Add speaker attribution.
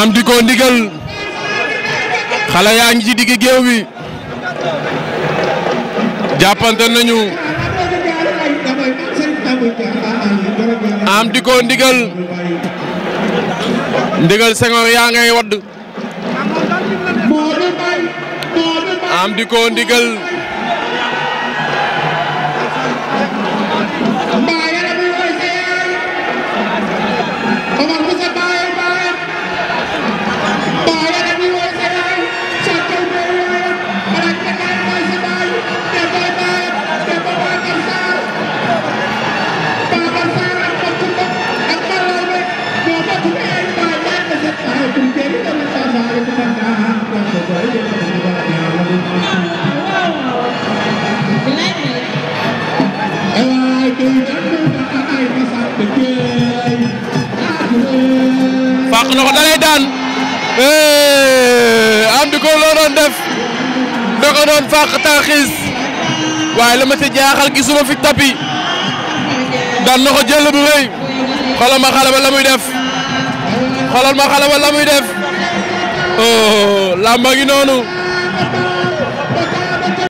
Speaker 1: am di ko ndigal xale yaa ngi ci digg géew bi jàppante nañu am di ko ndigal ndigal Senghor yaa ngay wadd am di ko ndigal
Speaker 2: fàq na ko da lay daan am di ko loo doon def da ko doon fàq tarxiis la ma si jaaxal gisuma fi tapi daan na ko jël bu rëy ma xale la muy def xoolal ma xale la muy def oh làmba noonu.